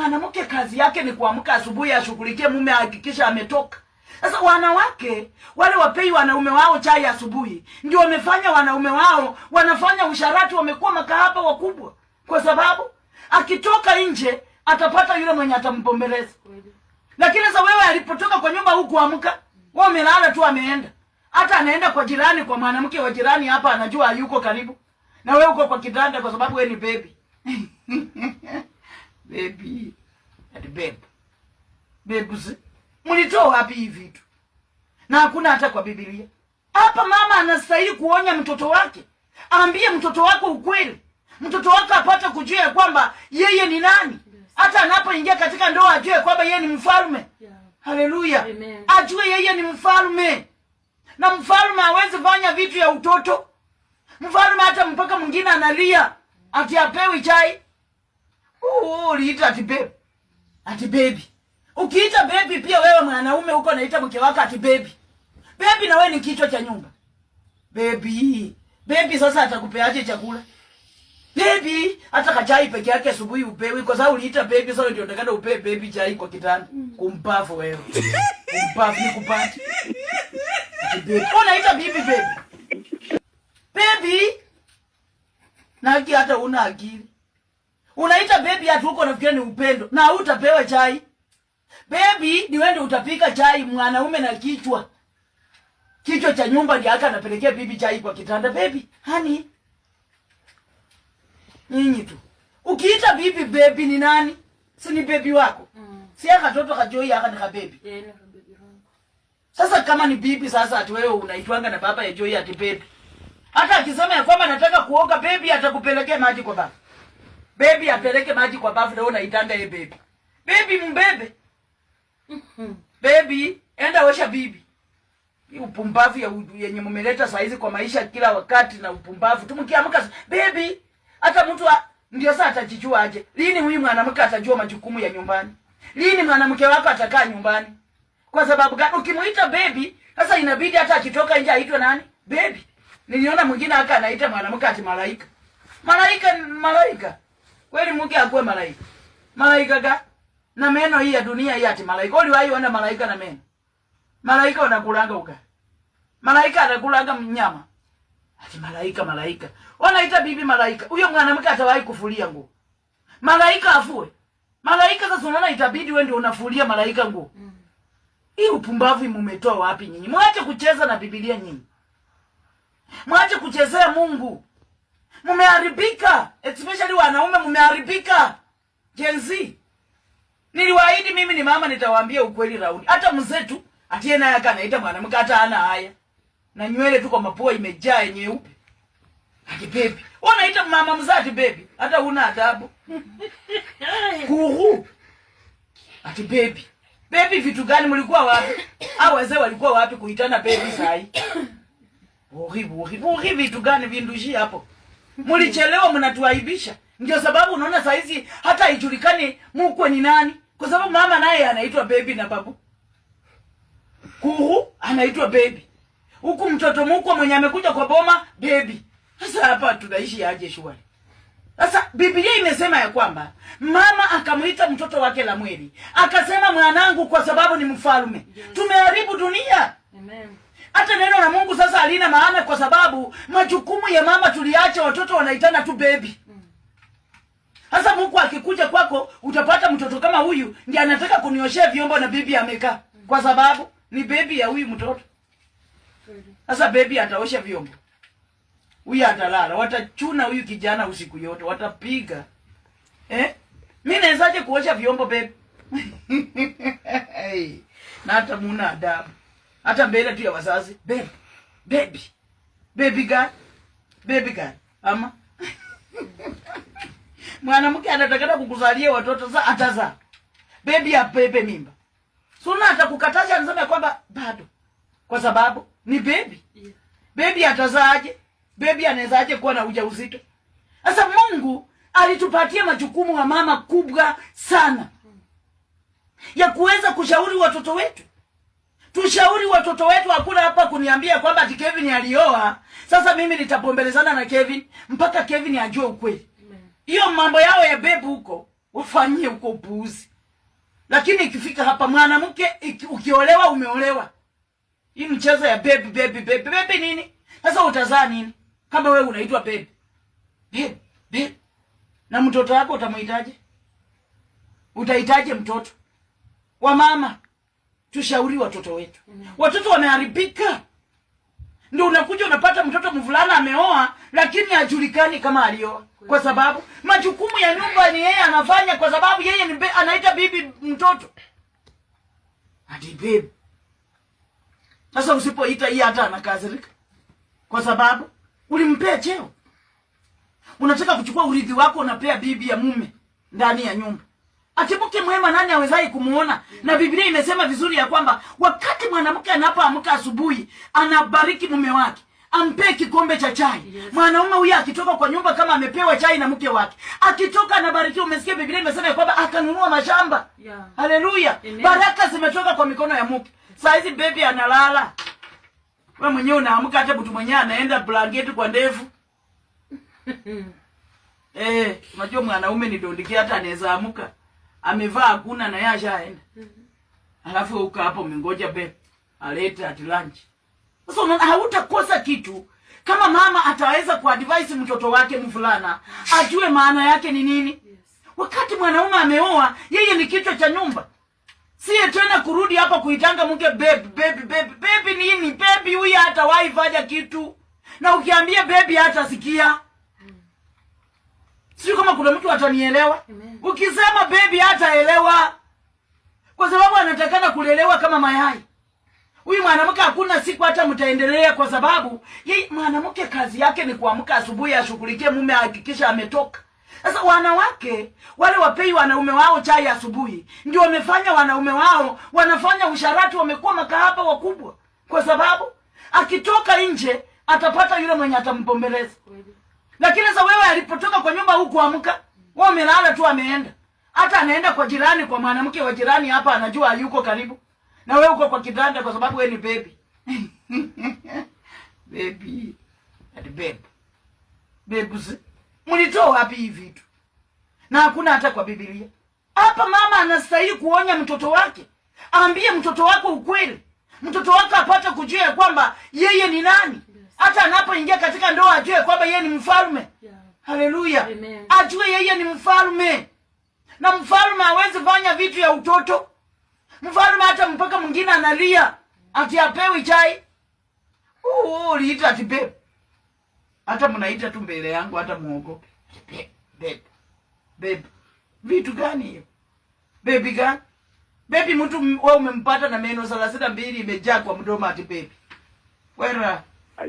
mwanamke kazi yake ni kuamka asubuhi ashughulikie mume, ahakikisha ametoka. Sasa wanawake wale wapei wanaume wao chai asubuhi, ndio wamefanya wanaume wao wanafanya usharati, wamekuwa makahaba wakubwa, kwa sababu akitoka nje atapata yule mwenye atampombeleza. Lakini sasa wewe, alipotoka kwa nyumba hukuamka, wewe umelala tu, ameenda hata anaenda kwa jirani, kwa mwanamke wa jirani hapa, anajua yuko karibu na wewe, uko kwa kitanda, kwa sababu wewe ni baby baby ati yaani babe babes, mlitoa wapi hii vitu? Na hakuna hata kwa Biblia. Hapa mama anastahili kuonya mtoto wake, aambie mtoto wako ukweli, mtoto wako apate kujua ya kwamba yeye ni nani, hata anapoingia katika ndoa ajue kwamba yeye ni mfalme. Haleluya, ajue yeye ni mfalme, na mfalme hawezi fanya vitu ya utoto. Mfalme hata mpaka mwingine analia ati apewi chai uliita ati baby, ati baby. Ukiita baby pia wewe mwanaume huko naita mke wako ati baby. Baby na wewe ni kichwa cha nyumba. Baby, baby sasa atakupeaje chakula? Baby, hata kachai peke yake asubuhi upewi kwa sababu uliita baby sasa ndio utakana upe baby chai kwa kitanda. Kumpafu wewe. Kumpafu ni kupati. Baby, unaita baby baby. Baby. Na hata una akili. Unaita baby hatu huko nafikiri ni upendo na utapewa chai. Baby ni wewe utapika chai mwanaume na kichwa. Kichwa cha nyumba ndiye haka anapelekea bibi chai kwa kitanda baby. Hani? Nyinyi tu. Ukiita bibi baby ni nani? Si ni baby wako. Mm. Si haka toto kajoi haka ni baby. Yeah, yeah. Sasa kama ni bibi sasa ati wewe unaitwanga na baba ya Joy ati baby. Hata akisema ya kwamba nataka kuoga baby atakupelekea maji kwa baba. Baby apeleke maji kwa bafu leo naitanga ye bebi. Bebi mbebe. Bebi, enda osha bibi. Hii upumbavu ya yenye mumeleta saa hizi kwa maisha kila wakati na upumbavu. Tumkiamka bebi, hata mtu ndio saa atajijua aje. Lini huyu mwanamke atajua majukumu ya nyumbani? Lini mwanamke wako atakaa nyumbani? Kwa sababu gani ukimuita bebi, sasa inabidi hata akitoka nje aitwe nani? Bebi. Niliona mwingine haka anaita mwanamke ati malaika. Malaika malaika. Kweli mke akuwe malaika. Malaika ga na meno hii ya dunia hii ati malaika. Uliwahi ona malaika na meno? Malaika wanakulanga uka. Malaika anakulanga mnyama. Ati malaika malaika. Wanaita bibi malaika. Huyo mwanamke atawahi kufulia nguo. Malaika afue. Malaika sasa unaona itabidi wewe ndio unafulia malaika nguo. Mm. Hii upumbavu mumetoa wapi nyinyi? Mwache kucheza na Biblia nyinyi. Mwache kuchezea Mungu. Mmeharibika, especially wanaume mmeharibika. Gen Z, niliwaahidi mimi ni mama, nitawaambia ukweli raundi. Hata mzee tu atie naye akanaita mwanamke, hata ana haya na nywele tu kwa mapua imejaa nyeupe, ati bebi. Wanaita mama mzee ati bebi, hata una adabu kuhu, ati bebi bebi. Vitu gani? mlikuwa wapi? Au wazee walikuwa wapi kuitana bebi? Sai uhi uhi uhi, vitu gani vindushi hapo? mlichelewa, mnatuaibisha. Ndio sababu unaona saizi hata haijulikani mukwe ni nani, kwa sababu mama naye anaitwa baby na babu kuhu anaitwa baby, huku mtoto mukwe mwenye amekuja kwa boma baby. Sasa hapa tunaishi aje shwari? Sasa Biblia imesema ya kwamba mama akamwita mtoto wake Lamweli akasema, mwanangu, kwa sababu ni mfalme. Tumeharibu dunia. Amen. Hata neno la Mungu sasa halina maana, kwa sababu majukumu ya mama tuliacha, watoto wanaitana tu bebi. Sasa Mungu akikuja kwako, utapata mtoto kama huyu, ndiye anataka kunioshea vyombo na bibi amekaa, kwa sababu ni bebi ya huyu mtoto. Sasa bebi ataosha vyombo, huyu atalala, watachuna huyu kijana usiku yote, watapiga eh? Mi nawezaje kuosha vyombo bebi? na hata muna adabu hata mbele tu ya wazazi, baby baby baby girl baby girl, ama mwanamke anatakata kukuzalia watoto za ataza baby apepe mimba suna, atakukataza anasema kwamba bado, kwa sababu ni baby yeah. Baby atazaaje? Baby anawezaje kuwa na ujauzito? Sasa Mungu alitupatia majukumu wa mama kubwa sana ya kuweza kushauri watoto wetu Tushauri watoto wetu, hakuna hapa kuniambia kwamba ati Kevin alioa. Sasa mimi nitapombelezana na Kevin mpaka Kevin ajue ukweli. Hiyo mambo yao ya bebu huko ufanyie huko upuuzi. Lakini ikifika hapa mwanamke ukiolewa umeolewa. Hii mchezo ya baby baby baby baby nini? Sasa utazaa nini? Kama wewe unaitwa baby. Baby, baby. Na mtoto wako utamhitaji? Utahitaji mtoto wa mama tushauri watoto wetu. mm Watoto wameharibika, ndio unakuja unapata mtoto mvulana ameoa, lakini hajulikani kama alioa, kwa sababu majukumu ya nyumba ni yeye anafanya, kwa sababu yeye ni anaita bibi mtoto hadi Sasa usipoita hii, hata anakasirika, kwa sababu ulimpea cheo. Unataka kuchukua urithi wako, unapea bibi ya mume ndani ya nyumba Akimke mwema nani awezai kumuona? Na Biblia imesema vizuri ya kwamba wakati mwanamke anapoamka asubuhi, anabariki mume wake ampee kikombe cha chai. Yes. Mwanaume huyu akitoka kwa nyumba kama amepewa chai na mke wake, akitoka anabarikiwa. Umesikia, Biblia imesema ya kwamba akanunua mashamba. Yeah. Haleluya! Baraka zimetoka kwa mikono ya mke. Saa hizi bebi analala, we mwenyewe unaamka, hata mtu mwenyewe anaenda blanketi kwa ndevu eh. Unajua mwanaume ni dondiki, hata anaweza amka amevaa hakuna na yeye ashaenda. Alafu uka hapo mingoja be alete at lunch. Sasa hautakosa kitu kama mama ataweza kuadvise mtoto wake mvulana ajue maana yake ni nini. Wakati mwanaume ameoa, yeye ni kichwa cha nyumba. Siye tena kurudi hapa kuitanga mke baby baby baby baby nini? Baby huyu hata waivaja kitu. Na ukiambia baby hata sikia. Sio kama kuna mtu atanielewa. Ukisema baby hataelewa, kwa sababu anatakana kulelewa kama mayai. Huyu mwanamke hakuna siku hata mtaendelea, kwa sababu yeye mwanamke kazi yake ni kuamka asubuhi ashughulikie mume, ahakikisha ametoka. Sasa wanawake wale wapei wanaume wao chai asubuhi, ndio wamefanya wanaume wao wanafanya usharati, wamekuwa makahaba wakubwa, kwa sababu akitoka nje atapata yule mwenye atambombeleza. Lakini sasa wewe alipotoka kwa nyumba huku amka, wewe umelala tu ameenda. Hata anaenda kwa jirani kwa mwanamke wa jirani hapa anajua yuko karibu. Na wewe uko kwa kitanda kwa sababu wewe ni baby. baby. At babe. Babes. Mlitoa wapi hivi vitu? Na hakuna hata kwa Biblia. Hapa mama anastahili kuonya mtoto wake. Aambie mtoto wako ukweli. Mtoto wako apate kujua kwamba yeye ni nani hata anapoingia katika ndoa ajue kwamba yeye ni mfalme yeah. Haleluya, ajue yeye ni mfalme, na mfalme hawezi fanya vitu ya utoto. Mfalme hata mpaka mwingine analia ati apewi chai. Uh, uliita ati babe, hata mnaita tu mbele yangu, hata muogope babe, babe, babe. Vitu gani hiyo baby gani? Baby mtu wewe umempata na meno thelathini na mbili imejaa kwa mdomo ati baby wera